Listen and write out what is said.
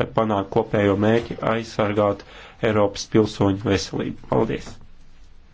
lai panāktu kopējo mērķi aizsargāt Eiropas pilsoņu veselību. Paldies!